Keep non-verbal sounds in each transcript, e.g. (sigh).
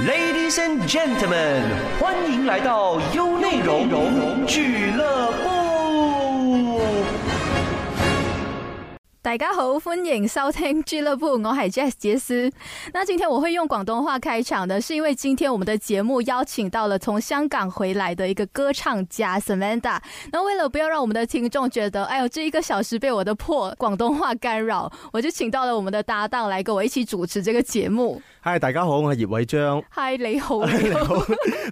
Ladies and gentlemen，歡迎來到優內容劇樂部。大家好，歡迎收聽劇樂部，我係傑斯。那今天我會用廣東話開場的，是因為今天我們的節目邀請到了從香港回來的一個歌唱家 Samantha。那為了不要讓我們的聽眾覺得，哎呦，這一個小時被我的破廣東話干擾，我就請到了我們的搭檔來跟我一起主持這個節目。係大家好，我係葉偉章。係你好，Hi，你好。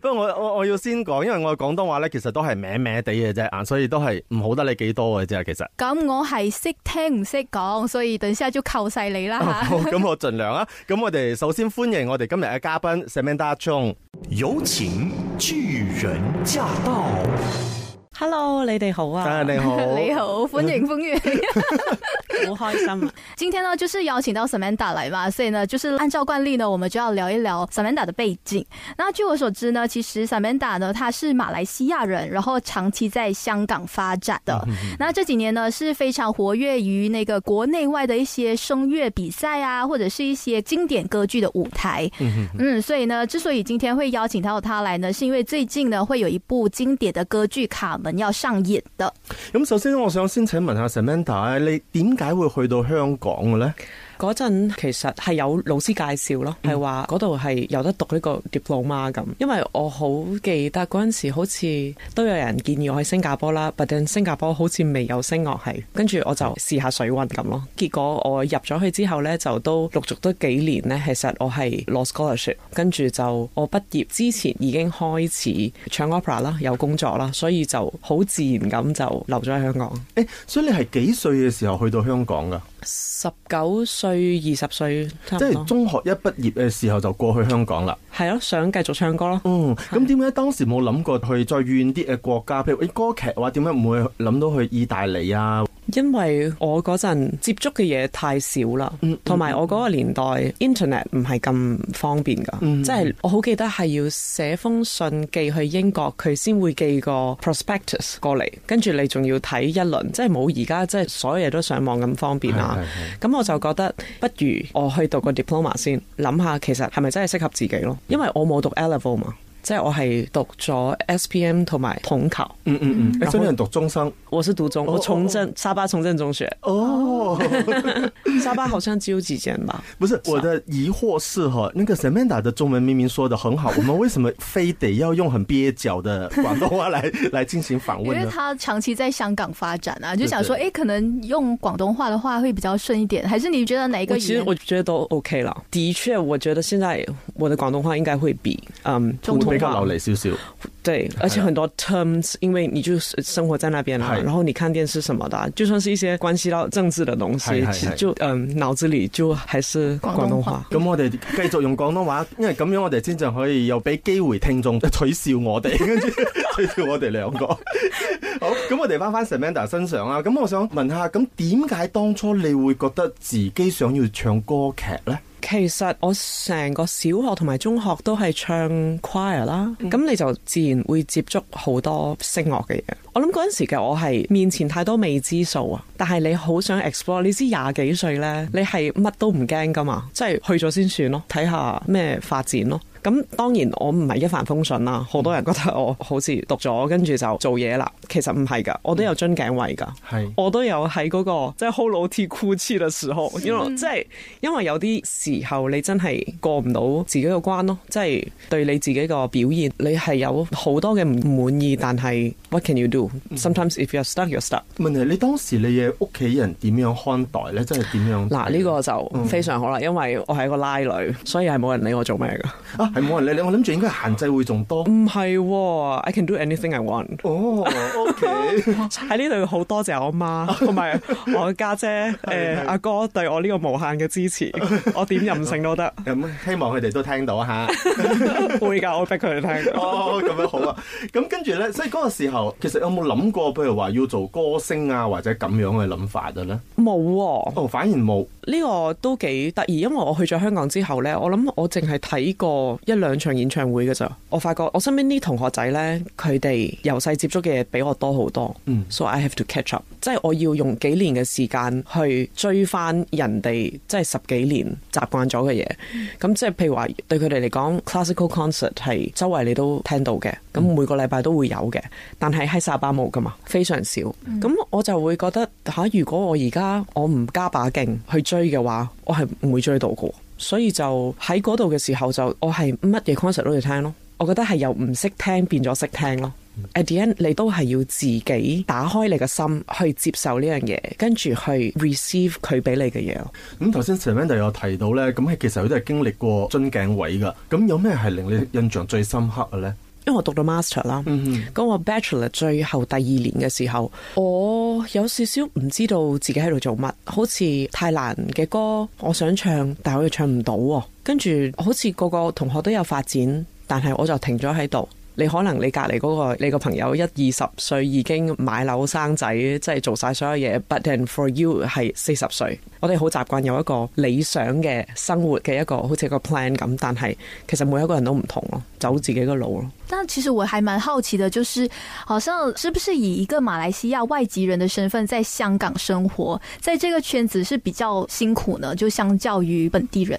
不 (laughs) 過我我我要先講，因為我廣東話咧，其實都係歪歪哋嘅啫啊，所以都係唔好得你幾多嘅啫。其實咁我係識聽唔識講，所以等先阿 j 扣晒你啦。咁我盡量啊。咁 (laughs) 我哋首先歡迎我哋今日嘅嘉賓，Samantha Chung，有請劇人駕到。hello，你哋好啊！真、啊、你好， (laughs) 你好，歡迎風月， (laughs) (laughs) 好開心、啊。今天呢，就是邀請到 Samantha 來嘛，所以呢，就是按照慣例呢，我們就要聊一聊 Samantha 的背景。那據我所知呢，其實 Samantha 呢，她是馬來西亞人，然後長期在香港發展的。那這幾年呢，是非常活躍於那個國內外的一些聲樂比賽啊，或者是一些經典歌劇的舞台。 (laughs) 嗯，所以呢，之所以今天會邀請到她來呢，是因為最近呢，會有一部經典的歌劇《卡門》。你要上演的。咁首先，我想先請問下 Samantha，你點解會去到香港嘅咧？嗰陣其實係有老師介紹咯，係話嗰度係有得讀呢個 diploma 咁。因為我好記得嗰陣時，好似都有人建議我去新加坡啦，但係新加坡好似未有聲樂系，跟住我就試下水溫咁咯。結果我入咗去之後呢，就都陸續都幾年呢其實我係攞咗 scholarship，跟住就我畢業之前已經開始唱 opera 啦，有工作啦，所以就好自然咁就留咗喺香港。誒、欸，所以你係幾歲嘅時候去到香港㗎？十九歲。去二十歲，即係中學一畢業嘅時候，就過去香港啦。係咯，想繼續唱歌咯。嗯，咁點解當時冇諗過去再遠啲嘅國家？譬如，歌劇話，點解唔會諗到去意大利啊？因為我嗰陣接觸嘅嘢太少啦，同、嗯、埋我嗰個年代 Internet 唔係咁方便噶，即、嗯、係、就是、我好記得係要寫封信寄去英國，佢先會寄個 prospectus 過嚟，跟住你仲要睇一輪，即係冇而家即係所有嘢都上網咁方便啊。咁、嗯嗯、我就覺得不如我去讀個 diploma 先，諗下其實係咪真係適合自己咯。因為我冇讀 A-level 嘛。在我係讀咗 SPM 同埋統考，嗯嗯嗯，你真係讀中商？哦。我是讀中，哦，我崇正，沙巴崇正中學。哦， (laughs) 沙巴好像只有幾間吧？不是，是，啊，我的疑惑是哈，那個 Samantha 的中文明明說得很好， (laughs) 我們為什麼非得要用很蹩腳的廣東話來來進行訪問？因為他長期在香港發展啊，就想說，誒、欸，可能用廣東話的話會比較順一點。還是你覺得哪一個？其實我覺得都 OK 了。的確，我覺得現在我的廣東話應該會比嗯普通。比較流利少少，對，而且很多 terms，因為你就生活在那邊啦，然後你看電視什麼的，就算是一些關係到政治的東西，其實就嗯腦子裏就還是廣東話。咁我哋繼續用廣東話，東話 (laughs) 因為咁樣我哋先至可以又俾機會聽眾取笑我哋，跟 (laughs) 住取笑我哋兩個。 (laughs) 好，咁我哋返返 Samantha 身上啊，咁我想問下，咁點解當初你會覺得自己想要唱歌劇咧？其實我成個小學同埋中學都係唱 choir 啦，咁你就自然會接觸好多聲樂嘅嘢。我諗嗰陣時嘅我係面前太多未知數啊，但係你好想 explore。你知廿幾歲呢？你係乜都唔驚噶嘛，即係去咗先算咯，睇下咩發展咯。咁當然我唔係一帆風順啦，好多人覺得我好似讀咗跟住就做嘢啦，其實唔係㗎，我都有樽頸位㗎，我都有喺嗰個即係 hollowed out 嘅時候，即係因為有啲時候你真係過唔到自己個關咯，即係對你自己個表現你係有好多嘅唔滿意，但係 what can you do？Sometimes if you're stuck, you're stuck 問，問題，你當時你嘅屋企人點樣看待咧？真係點樣？嗱，呢個就非常好啦，嗯，因為我係一個拉女，所以係冇人理我做咩㗎。啊係冇人理你，我諗住應該限制會仲多。唔係、哦、，I can do anything I want、oh,。哦，OK。喺呢度好多謝我媽同埋我家姐誒阿、 (laughs) 呃、 (laughs) 哥，哥對我呢個無限嘅支持， (laughs) 我點任性都得。咁、嗯、希望佢哋都聽到吓，啊、 (laughs) (laughs) 會噶，我逼佢哋聽到。哦，咁樣好啊。咁跟住咧，所以嗰個時候，其實有冇諗過，譬如話要做歌星啊，或者咁樣嘅諗法嘅、啊、咧？冇哦，哦，反而冇。呢、這個都幾得意，因為我去咗香港之後咧，我諗我淨係睇過，一兩場演唱會嘅咋，我發覺我身邊啲同學仔呢，佢哋由細接觸嘅嘢比我多好多，所、mm. 以、so、I have to catch up，即係我要用幾年嘅時間去追翻人哋，即、就、係、是、十幾年習慣咗嘅嘢。咁、mm. 即係譬如話，對佢哋嚟講，classical concert 係周圍你都聽到嘅，咁每個禮拜都會有嘅，但係喺沙巴冇噶嘛，非常少。咁我就會覺得吓、啊、如果我而家我唔加把勁去追嘅話，我係唔會追到嘅。.所以就喺嗰度嘅時候就我係乜嘢 concept 都要聽咯，我覺得係由唔識聽變咗識聽咯。嗯、At the end，你都係要自己打開你嘅心去接受呢樣嘢，跟住去 receive 佢俾你嘅嘢。咁頭先 Samantha 有提到咧，咁係其實佢都係經歷過樽頸位噶，咁有咩係令你印象最深刻嘅咧？因為我讀到 master 啦，嗯，咁我 bachelor 最後第二年嘅時候，我有少少唔知道自己喺度做乜，好似太難嘅歌我想唱，但係我又唱唔到，跟住好似個個同學都有發展，但係我就停咗喺度。你可能你隔籬嗰個你個朋友一二十歲已經買樓生仔，即係做晒所有嘢，But then for you 係四十歲。我哋好習慣有一個理想嘅生活嘅一個好似個 plan 咁，但係其實每一個人都唔同咯，走自己嘅路咯。但其實我還蠻好奇嘅，就是，好像是不是以一個馬來西亞外籍人的身份，在香港生活，在這個圈子是比較辛苦呢？就相較於本地人。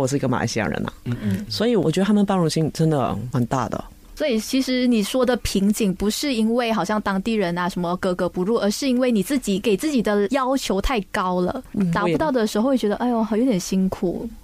我是一個馬來西亞人吶、啊，嗯，嗯嗯，所以我覺得他們包容性真的很大的。所以其實你說的瓶頸不是因為好像當地人啊什麼格格不入，而是因為你自己給自己的要求太高了，達不到的時候會覺得哎呦，好有點辛苦。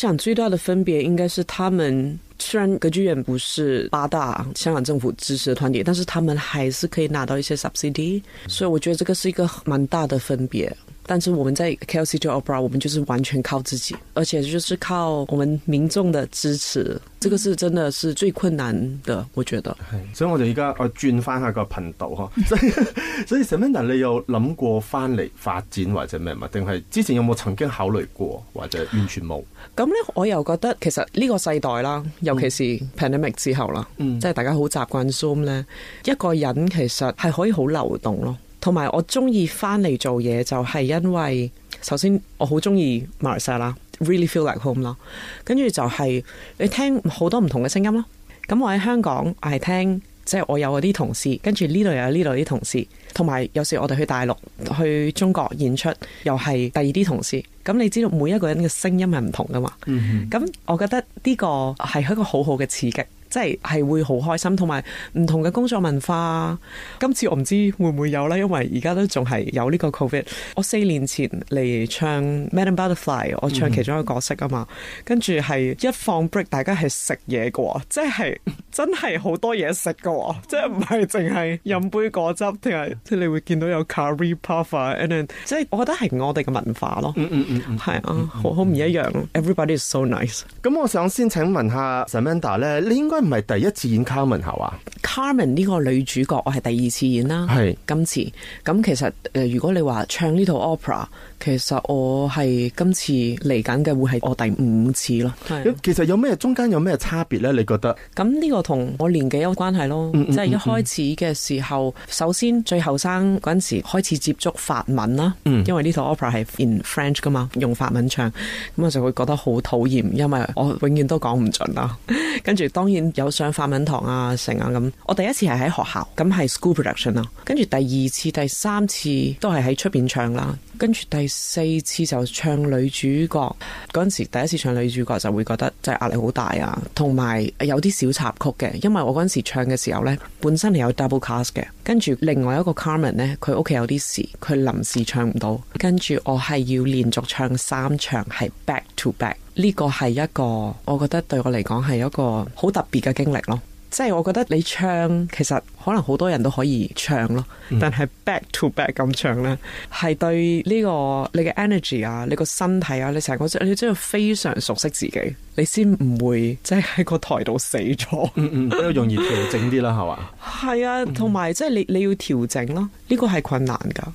我想最大的分別應該是他們。雖然歌劇院不是八大香港政府支持的團體，但是他們還是可以拿到一些 subsidy，所以我覺得這個是一個蠻大的分別。但是我們在 KL City Opera，我們就是完全靠自己，而且就是靠我們民眾的支持，這個是真的是最困難的，我覺得。係，所以我哋依家我轉翻下個頻道吓。 (laughs) 所以 (laughs) 所以 Samantha 你有諗過翻嚟發展或者咩嘛？定係之前有冇曾經考慮過，或者完全冇？咁咧，我又覺得其實呢個世代啦。尤其是 pandemic 之後啦，嗯，即係大家好習慣 Zoom 咧，一個人其實係可以好流動咯。同埋我中意翻嚟做嘢，就係因為首先我好中意馬來西亞，really feel like home 啦。跟住就係你聽好多唔同嘅聲音咯。咁我喺香港，我係聽。即係我有嗰啲同事，跟住呢度又有呢度啲同事，同埋有，有時我哋去大陸、去中國演出，又係第二啲同事。咁你知道每一個人嘅聲音係唔同噶嘛？咁、mm -hmm. 我覺得呢個係一個好好嘅刺激。即係係會好開心，同埋唔同嘅工作文化。今次我唔知會唔會有啦，因為而家都仲係有呢個 Covid。我四年前嚟唱《Madam Butterfly》，我唱其中一個角色啊嘛，跟住係一放 break，大家係食嘢嘅，即係真係好多嘢食嘅，即係唔係淨係飲杯果汁，定係即係你會見到有 curry puff 啊，and then, 即係我覺得係我哋嘅文化咯，嗯嗯嗯，係啊，好好唔一樣。Everybody is so nice。咁我想先請問下 Samantha 咧，你應該。唔係第一次演 Carmen 係嘛？Carmen 呢個女主角我係第二次演啦，係今次咁其實誒，如果你話唱呢套 opera，其實我係今次嚟緊嘅會係我第五次咯。係、啊，其實有咩中間有咩差別咧？你覺得？咁呢個同我年紀有關係咯，即係、mm-hmm. 一開始嘅時候，首先最後生嗰陣時開始接觸法文啦，嗯、mm-hmm.，因為呢套 opera 係 in French 噶嘛，用法文唱，咁我就會覺得好討厭，因為我永遠都講唔準啦、啊，跟住當然。有上法文堂啊、成啊咁，我第一次係喺學校，咁係 school production 啦。跟住第二次、第三次都係喺出邊唱啦。跟住第四次就唱女主角嗰陣時，第一次唱女主角就會覺得真係壓力好大啊。同埋有啲小插曲嘅，因為我嗰陣時唱嘅時候呢，本身係有 double cast 嘅，跟住另外一個 Carmen 呢，佢屋企有啲事，佢臨時唱唔到，跟住我係要連續唱三場係 back to back。呢個係一個，我覺得對我嚟講係一個好特別嘅經歷咯。即係我覺得你唱，其實可能好多人都可以唱咯，嗯、但係 back to back 咁唱呢，係對呢個你嘅 energy 啊，你個身體啊，你成個你真係非常熟悉自己，你先唔會即係喺個台度死咗。 (laughs) 嗯都要容易調整啲啦，係嘛？係啊，同埋即係你你要調整咯，呢個係困難噶。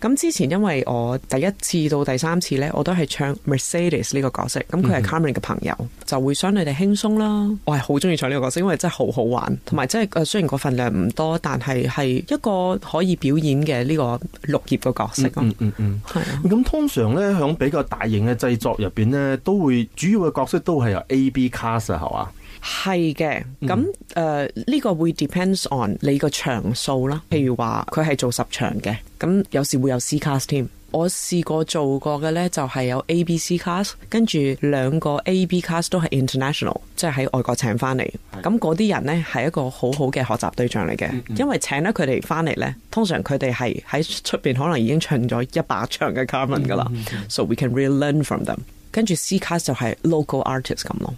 咁之前因為我第一次到第三次咧，我都係唱 Mercedes 呢個角色，咁佢係 Carmen 嘅朋友，就會相對地輕鬆啦。我係好中意唱呢個角色，因為真係好好玩，同埋真係誒，雖然個份量唔多，但係係一個可以表演嘅呢個綠葉嘅角色。嗯嗯嗯，係、嗯。咁、嗯嗯啊、通常咧響比較大型嘅製作入邊咧，都會主要嘅角色都係由 A、B、Cast 啊係嘛？係嘅，咁誒呢個會 depends on 你個場數啦。譬如話佢係做十場嘅，咁有時會有 C cast 添。我試過做過嘅呢，就係有 A B C cast，跟住兩個 A B cast 都係 international，即係喺外國請翻嚟。咁嗰啲人呢，係一個好好嘅學習對象嚟嘅、嗯嗯，因為請咧佢哋翻嚟呢，通常佢哋係喺出邊可能已經唱咗一百場嘅卡門噶啦，so we can really learn from them。跟住 C cast 就係 local artist 咁咯。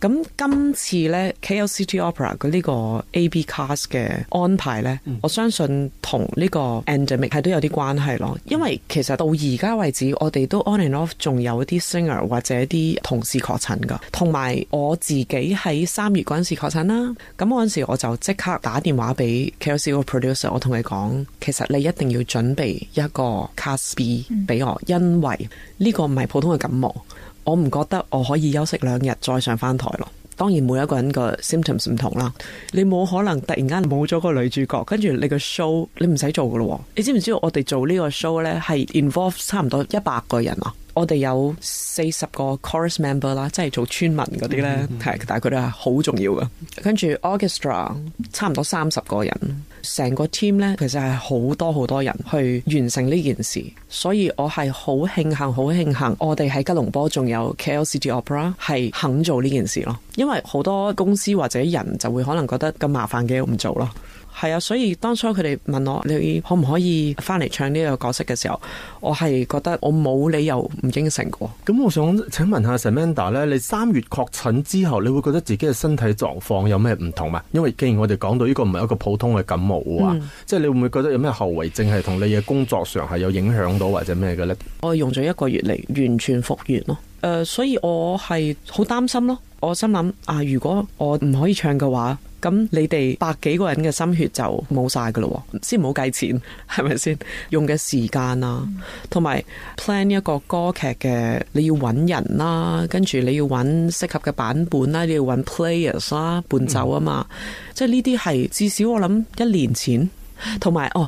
咁今次咧 KL City Opera 嘅呢個 AB cast 嘅安排呢，嗯、我相信同呢個 endemic 係都有啲關係咯。因為其實到而家為止，我哋都 on and off 仲有啲 singer 或者啲同事確診噶，同埋我自己喺三月嗰陣時確診啦。咁嗰陣時我就即刻打電話俾 KLC producer，我同佢講，其實你一定要準備一個 cast B 俾我，因為呢個唔係普通嘅感冒。我唔覺得我可以休息兩日再上翻台咯。當然，每一個人個 symptoms 唔同啦。你冇可能突然間冇咗個女主角，跟住你個 show 你唔使做噶咯。你知唔知道我哋做呢個 show 呢係 involve 差唔多一百個人啊？我哋有四十個 chorus member 啦，即係做村民嗰啲呢。係、mm -hmm. 但係佢哋係好重要㗎。跟、mm、住 -hmm. orchestra 差唔多三十個人，成個 team 呢，其實係好多好多人去完成呢件事。所以我係好慶幸，好慶幸我哋喺吉隆坡仲有 KL City Opera 係肯做呢件事咯。因為好多公司或者人就會可能覺得咁麻煩嘅唔做咯。係啊，所以當初佢哋問我，你可唔可以翻嚟唱呢個角色嘅時候，我係覺得我冇理由唔應承過。咁我想請問下 Samantha 咧，你三月確診之後，你會覺得自己嘅身體狀況有咩唔同嘛？因為既然我哋講到呢個唔係一個普通嘅感冒啊、嗯，即係你會唔會覺得有咩後遺症，係同你嘅工作上係有影響到或者咩嘅咧？我用咗一個月嚟完全復原咯。誒，所以我係好擔心咯。我心諗啊，如果我唔可以唱嘅話。咁你哋百幾個人嘅心血就冇晒噶咯，先唔好計錢，係咪先？用嘅時間啊，同、嗯、埋 plan 一個歌劇嘅，你要搵人啦，跟住你要搵適合嘅版本啦，你要搵 players 啦，伴奏啊嘛，嗯、即係呢啲係至少我諗一年前，同埋哦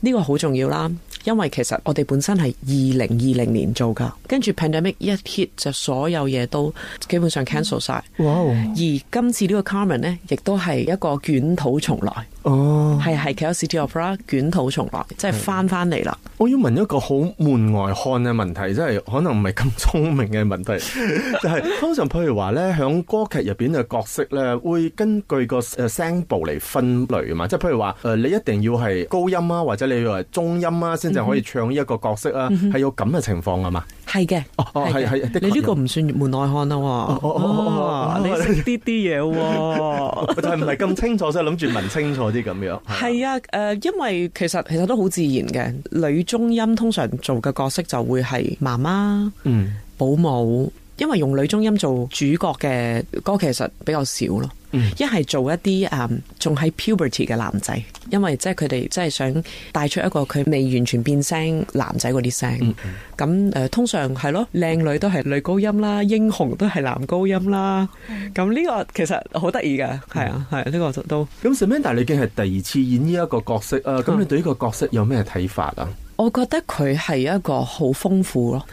呢、呢個好重要啦。因為其實我哋本身係二零二零年做㗎，跟住 pandemic 一 hit 就所有嘢都基本上 cancel 晒。哇、wow！而今次呢個 Carmen 呢，亦都係一個捲土重來。哦，係係 KL City Opera 捲土重來，即係返返嚟啦。我要問一個好門外漢嘅問題，即係可能唔係咁聰明嘅問題， (laughs) 就係通常譬如話呢，響歌劇入面嘅角色呢，會根據個誒聲部嚟分類啊嘛。即係譬如話、呃，你一定要係高音啊，或者你要係中音啊先。 (laughs) 可以唱呢一個角色啊，係有咁嘅情況啊嘛？係嘅，係係，你呢個唔算門內漢啦，你識啲啲嘢，就係唔係咁清楚，所以諗住問清楚啲咁樣。係啊，誒，因為其實其實都好自然嘅女中音通常做嘅角色就會係媽媽、嗯保姆，因為用女中音做主角嘅歌其實比較少咯。一、嗯、係做一啲誒仲喺 puberty 嘅男仔，因為即係佢哋即係想帶出一個佢未完全變聲男仔嗰啲聲。咁、嗯、誒、嗯呃、通常係咯，靚女都係女高音啦，英雄都係男高音啦。咁呢個其實好得意㗎，係啊係呢、嗯啊這個都。咁 Samantha，你已經係第二次演呢一個角色誒，咁、啊、你對呢個角色有咩睇法啊？嗯我覺得佢係一個好豐富咯，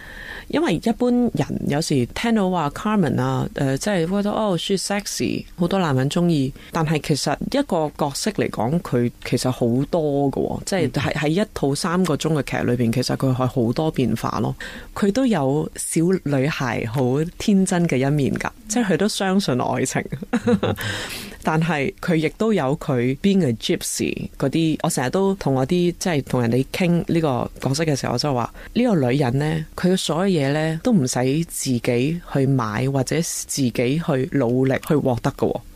因為一般人有時聽到話 Carmen 啊，呃、即係覺得哦，she sexy，好多男人中意。但係其實一個角色嚟講，佢其實好多㗎喎。即係喺喺一套三個鐘嘅劇裏面，其實佢係好多變化咯。佢都有小女孩好天真嘅一面㗎，即係佢都相信愛情。嗯、 (laughs) 但係佢亦都有佢邊嘅 Gypsy 嗰啲，我成日都同我啲即係同人哋傾呢個角色嘅時候，我就話呢個女人咧，佢嘅所有嘢咧，都唔使自己去買或者自己去努力去獲得嘅。啲吉普賽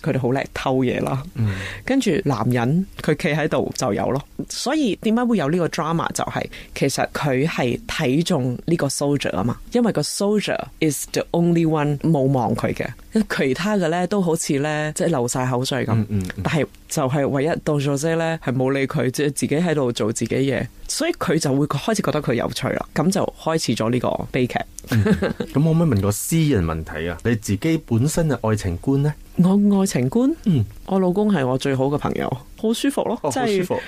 佢哋好叻偷嘢啦，跟、嗯、住男人佢企喺度就有咯，所以點解會有呢個 drama 就係、是、其實佢係睇中呢個 soldier 啊嘛，因為個 soldier is the only one 冇望佢嘅，其他嘅咧都好似咧即係流晒口水咁，嗯嗯，但係就係唯一到咗 Jose 咧係冇理佢，即係自己喺度做自己嘢，所以佢就會開始覺得佢有趣啦，咁就開始咗呢個悲劇。咁、嗯、 (laughs) 可唔可以問個私人問題啊？你自己本身嘅愛情觀呢？.我愛情觀，嗯，我老公係我最好嘅朋友，好舒服咯，哦、真係舒服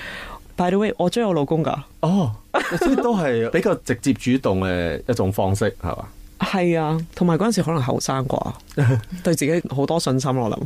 by the way，我追我老公噶，哦，即係都係比較直接主動嘅一種方式，係 (laughs) 嘛。 (laughs) 是吧？係啊，同埋嗰陣時可能後生啩， (laughs) 對自己好多信心。我諗，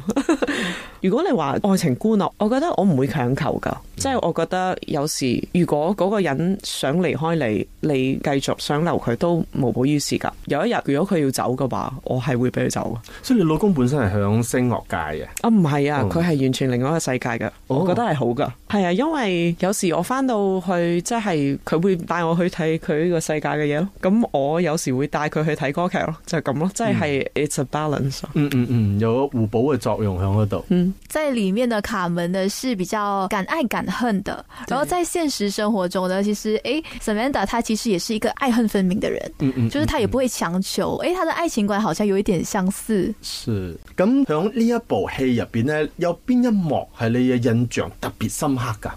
(laughs) 如果你話愛情觀落，我覺得我唔會強求噶，即、嗯、係、就是、我覺得有時如果嗰個人想離開你，你繼續想留佢都無補於事噶。有一日如果佢要走嘅話，我係會俾佢走的。所以你老公本身係響聲樂界嘅啊？唔係啊，佢、嗯、係完全另外一個世界嘅。我覺得係好噶，係、哦、啊，因為有時我翻到去即係佢會帶我去睇佢呢個世界嘅嘢咯。咁我有時會帶佢去睇。睇歌劇咯，就咁咯，即係 It's a balance 嗯、啊。嗯嗯嗯，有互補嘅作用喺嗰度。嗯，在裏面的卡門呢，是比較敢愛敢恨的。然後在現實生活中呢，其實誒 Samantha 她其實也是一個愛恨分明的人。嗯嗯，就是她也不會強求。誒、嗯嗯欸，她的愛情觀好像有一點相似。是。咁響呢一部戲入邊呢，有邊一幕係你嘅印象特別深刻噶？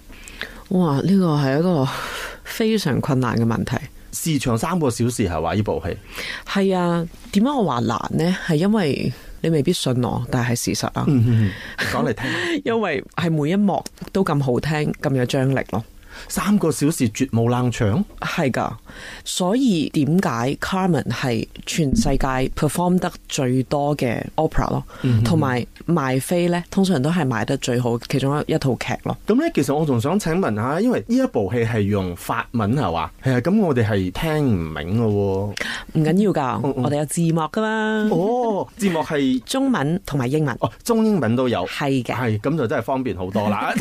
哇，呢、這個係一個非常困難嘅問題。時長三個小時，係話呢部戲，係啊？點解我話難呢？係因為你未必信我，但係事實啊，講、嗯、嚟聽。 (laughs) 因為係每一幕都咁好聽，咁有張力咯。三個小時絕無冷場，係噶，所以點解 Carmen 係全世界 perform 得最多嘅 opera 咯，同、嗯、埋賣飛咧，通常都係賣得最好其中一套劇咯。咁咧，其實我仲想請問下，因為呢一部戲係用法文的的係話，係啊，咁我哋係聽唔明嘅喎，唔緊要噶，我哋有字幕噶嘛。哦，字幕係中文同埋英文，哦，中英文都有，係嘅，係、哎、咁就真係方便好多啦。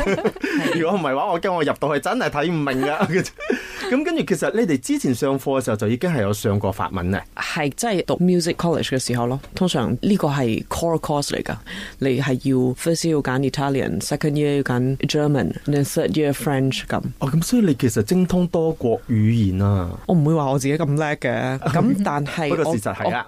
如果唔係話，我驚我入到去真係～睇唔明噶，咁 (laughs) 跟住，其實你哋之前上課嘅時候就已經係有上過法文咧，係即係讀 music college 嘅時候咯。通常呢個係 core course 嚟噶，你係要 first year 要揀 Italian，second year 要揀 German，then third year French 咁。咁、哦、所以你其實精通多國語言啊？我唔會話我自己咁叻嘅，咁 (laughs) 但係是，呢個事實係啦。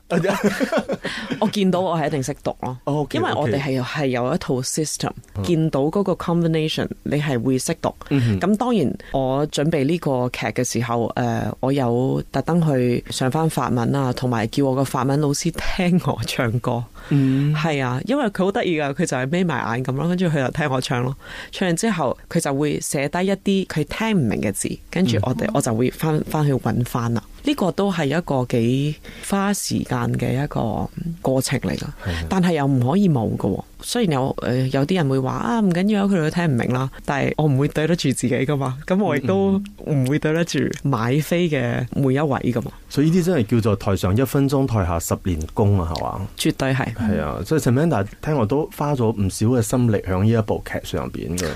我見到我係一定識讀咯，okay，因為我哋係係有一套 system，、嗯、見到嗰個 combination，你係會識讀。咁、嗯、當然。我準備呢個劇嘅時候，誒，我有特登去上翻法文啊，同埋叫我個法文老師聽我唱歌。嗯，係啊，因為佢好得意噶，佢就係眯埋眼咁咯，跟住佢就聽我唱咯。唱完之後，佢就會寫低一啲佢聽唔明嘅字，跟住我哋我就會翻翻去揾翻啦。呢、這個都係一個幾花時間嘅一個過程嚟噶，是但係又唔可以冇噶。雖然有誒有啲人會話啊唔緊要佢哋都聽唔明啦，但係我唔會對得住自己噶嘛。咁我亦、嗯嗯、都唔會對得住買飛嘅每一位噶嘛。所以呢啲真係叫做台上一分鐘，台下十年功啊，係嘛？絕對係。係啊，所以陳明達聽落都花咗唔少嘅心力喺呢一部劇上邊嘅。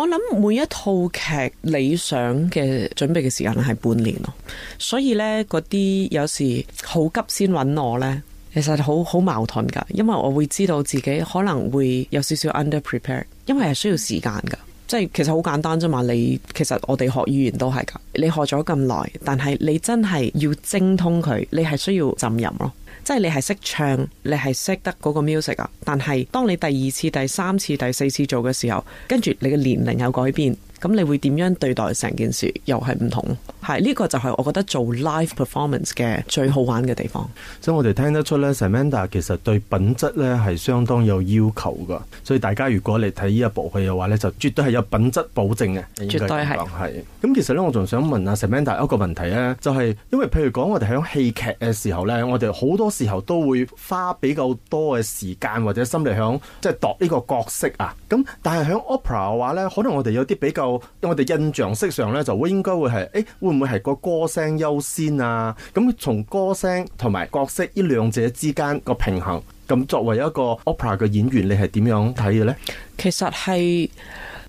我諗每一套劇理想嘅準備嘅時間係半年咯，所以呢，嗰啲有時好急先揾我呢，其實好好矛盾噶，因為我會知道自己可能會有少少 under prepared，因為係需要時間噶，即係其實好簡單啫嘛。你其實我哋學語言都係噶，你學咗咁耐，但係你真係要精通佢，你係需要浸淫咯。即係你係識唱，你係識得嗰個 music 啊。但係當你第二次、第三次、第四次做嘅時候，跟住你嘅年齡有改變。咁你會點樣對待成件事？又係唔同，係呢個就係我覺得做 live performance 嘅最好玩嘅地方。所以我哋聽得出咧 Samantha 其實對品質咧係相當有要求噶。所以大家如果你睇呢一部戲嘅話咧，就絕對係有品質保證嘅，絕對係。係。咁其實咧，我仲想問啊 Samantha 一個問題咧，就係、是、因為譬如講我哋喺戲劇嘅時候咧，我哋好多時候都會花比較多嘅時間或者心力響即係度呢個角色啊。咁但係喺 opera 嘅話咧，可能我哋有啲比較。我哋印象式上咧，就應該會係誒、欸，會唔會係個歌聲優先啊？咁從歌聲同埋角色呢兩者之間個平衡，咁作為一個 Opera 嘅演員，你係點樣睇嘅咧？其實係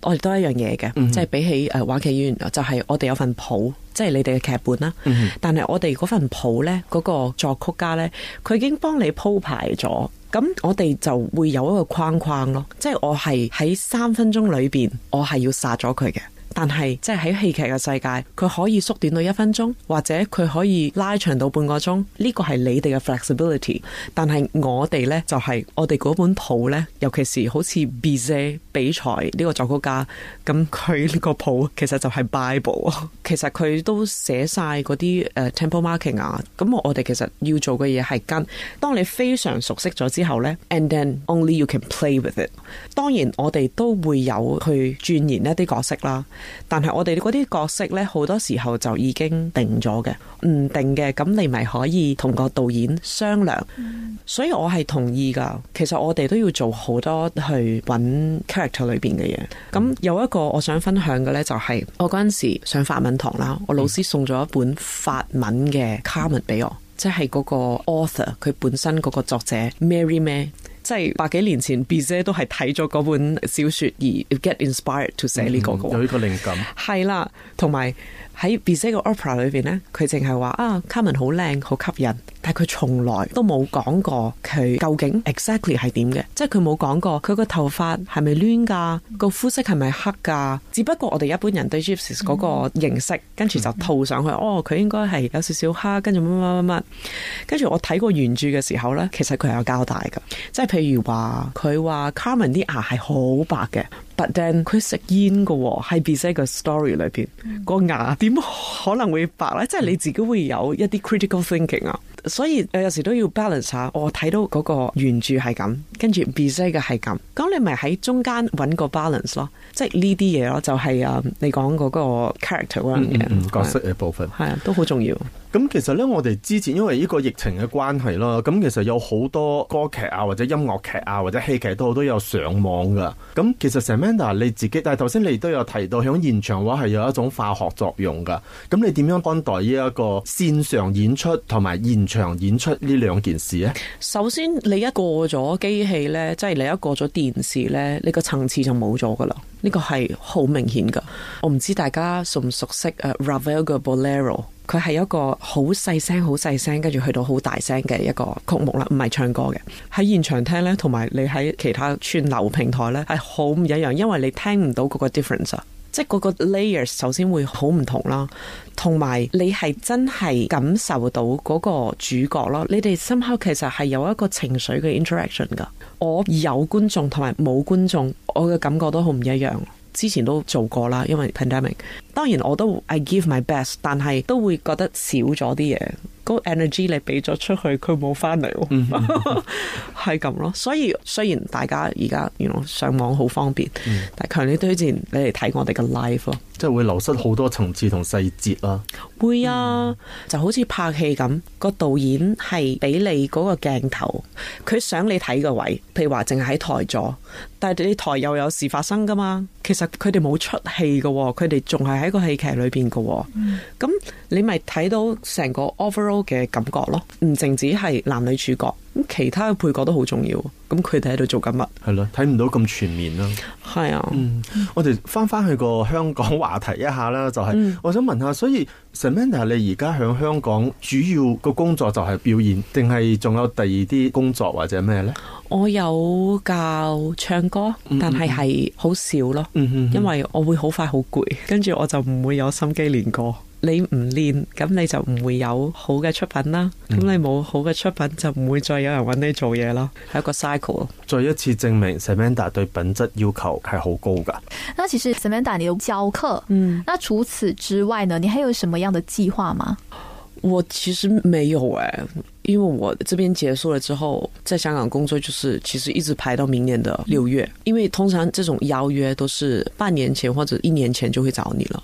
我哋多一樣嘢嘅，即、嗯、係、就是、比起誒話劇演員，就係、是、我哋有份譜，即、就、係、是、你哋嘅劇本啦、嗯。但係我哋嗰份譜咧，嗰、那個作曲家咧，佢已經幫你鋪排咗。咁我哋就會有一個框框咯，即係我係喺三分鐘裏邊，我係要殺咗佢嘅。但係即係喺戲劇嘅世界，佢可以縮短到一分鐘，或者佢可以拉長到半個鐘。呢個係你哋嘅 flexibility。但係我哋呢，就係、是、我哋嗰本譜呢，尤其是好似 Bizet 比賽呢、這個作曲家，咁佢呢個譜其實就係 Bible。其實佢都寫晒嗰啲誒 tempo marking 啊。咁我哋其實要做嘅嘢係跟。當你非常熟悉咗之後呢 and then only you can play with it。當然我哋都會有去鑽研一啲角色啦。但係我哋嗰啲角色呢，好多時候就已經定咗嘅唔定嘅，咁你咪可以同個導演商量。嗯、所以我係同意噶，其實我哋都要做好多去揾 character 裏邊嘅嘢。咁、嗯、有一個我想分享嘅呢、就是，就係我嗰陣時候上法文堂啦，我老師送咗一本法文嘅 Carmen 俾我，即係嗰個 author 佢本身嗰個作者 Mary May。即、就、係、是、百幾年前，Bizet 都係睇咗嗰本小說而 get inspired to 寫呢個個、嗯，有呢個靈感係啦，同埋喺 Bizet 個 opera 裏邊咧，佢淨係話啊，卡門好靚，好吸引。但係佢從來都冇講過佢究竟 exactly 係點嘅，即係佢冇講過佢個頭髮係咪攣噶，個、嗯、膚色係咪黑噶？只不過我哋一般人對 Gypsy 嗰個認識、嗯，跟住就套上去，嗯、哦，佢應該係有少少黑，跟住乜乜乜乜，跟住我睇過原著嘅時候呢，其實佢係有交代㗎，即係譬如話佢話 Carmen 啲牙係好白嘅。但係佢食煙㗎喎，喺 Bizet 嘅 story 裏邊，個、嗯、牙點可能會白咧？即、就、係、是、你自己會有一啲 critical thinking 啊，所以誒有時候都要 balance 下。我睇到嗰個原著係咁，跟住 Bizet 嘅係咁，咁你咪喺中間揾個 balance 咯，即係呢啲嘢咯，就係、是、啊你講嗰個 character 啦、嗯嗯嗯、角色嘅部分係啊，都好重要。咁其實咧，我哋之前因為呢個疫情嘅關係啦，咁其實有好多歌劇啊，或者音樂劇啊，或者戲劇都都有上網噶。咁其實，Samantha 你自己，但係頭先你都有提到喺現場嘅話，係有一種化學作用噶。咁你點樣看待呢一個線上演出同埋現場演出呢兩件事呢？首先，你一過咗機器呢，即係你一過咗電視呢，你個層次就冇咗噶啦。呢個係好明顯噶。我唔知大家熟唔熟悉 Ravel 嘅 Bolero。佢係一個好細聲、好細聲，跟住去到好大聲嘅一個曲目啦，唔係唱歌嘅。喺現場聽呢，同埋你喺其他串流平台呢，係好唔一樣，因為你聽唔到嗰個 difference，即係嗰個 layers 首先會好唔同啦，同埋你係真係感受到嗰個主角咯。你哋深刻其實係有一個情緒嘅 interaction 噶。我有觀眾同埋冇觀眾，我嘅感覺都好唔一樣。之前都做過啦，因為 pandemic。當然我都 I give my best，但係都會覺得少咗啲嘢，嗰、個、energy 你俾咗出去佢冇翻嚟，係咁、哦 (laughs) mm -hmm. (laughs) 咯。所以雖然大家而家原來上網好方便，mm. 但係強烈推薦你嚟睇我哋嘅 live 咯，即係會流失好多層次同細節啦。會啊，mm. 就好似拍戲咁，個導演係俾你嗰個鏡頭，佢想你睇個位，譬如話淨係喺台座，但係你台又有事發生噶嘛。其實佢哋冇出戲喎，佢哋仲係。喺個戲劇裏邊嘅，咁你咪睇到成個 overall 嘅感覺咯，唔淨止係男女主角。咁其他嘅配角都好重要，咁佢哋喺度做緊乜？係咯，睇唔到咁全面咯。係啊，嗯，我哋翻翻去個香港話題一下啦，就係、是嗯、我想問一下，所以 Samantha，你而家響香港主要個工作就係表演，定係仲有第二啲工作或者咩咧？我有教唱歌，但係係好少咯、嗯嗯嗯嗯，因為我會好快好攰，跟住我就唔會有心機練歌。你唔練，咁你就唔會有好嘅出品啦。咁、嗯、你冇好嘅出品，就唔會再有人揾你做嘢咯。係一個 cycle。再一次證明 Samantha 對品質要求係好高噶。那其實 Samantha 你有教課，嗯，那除此之外呢，你還有什麼樣的計劃嗎？我其實沒有誒、欸，因為我這邊結束了之後，在香港工作就是其實一直排到明年的六月。因為通常這種邀約都是半年前或者一年前就會找你了。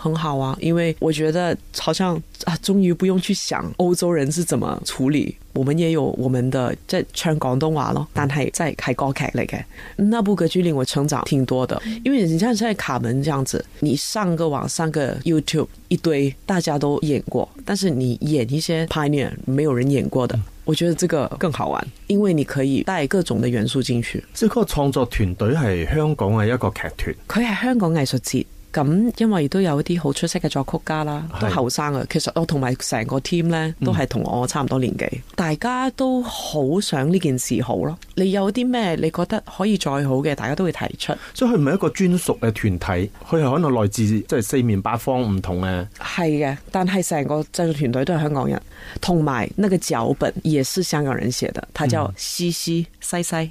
很好啊，因為我覺得好像啊，終於不用去想歐洲人是怎麼處理。我們也有我們的，在唱廣東話囉，但係在開歌劇嚟嘅那部歌劇，令我成長挺多的。因為你像在卡門這樣子，你上個網，上個 YouTube 一堆，大家都演過，但是你演一些 Pioneer 沒有人演過的，我覺得這個更好玩，因為你可以帶各種的元素進去。這個創作團隊係香港嘅一個劇團，佢係香港藝術節。咁，因為都有一啲好出色嘅作曲家啦，都後生嘅。其實我同埋成個 team 咧，都係同我差唔多年紀，嗯、大家都好想呢件事好咯。你有啲咩你覺得可以再好嘅，大家都會提出。所以佢唔係一個專屬嘅團體，佢係可能來自即係四面八方唔同嘅。係嘅，但係成個製作團隊都係香港人，同埋那個腳本也是香港人寫的，他叫西西西西。嗯、西西。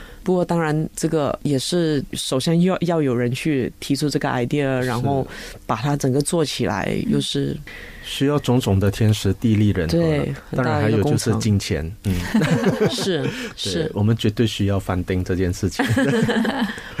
不過，當然，這個也是首先要要有人去提出這個 idea，然後把它整個做起來，嗯、又是需要種種的天時地利人和。當然，還有就是金錢，嗯， (laughs) 是 (laughs) 是，我們絕對需要 funding 這件事情。 (laughs)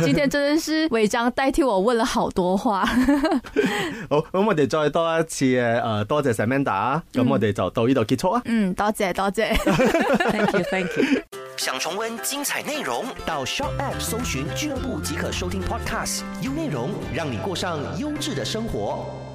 今天真的是違章代替我問了好多話 (laughs) 。好，咁我哋再多一次嘅，呃，多謝 Samantha，咁我哋就到呢度結束啊。嗯，多謝多謝 (laughs) ，Thank you Thank you。想重温精彩內容，到 Shop App 搜尋劇樂部即可收聽 Podcast，優內容讓你過上優質的生活。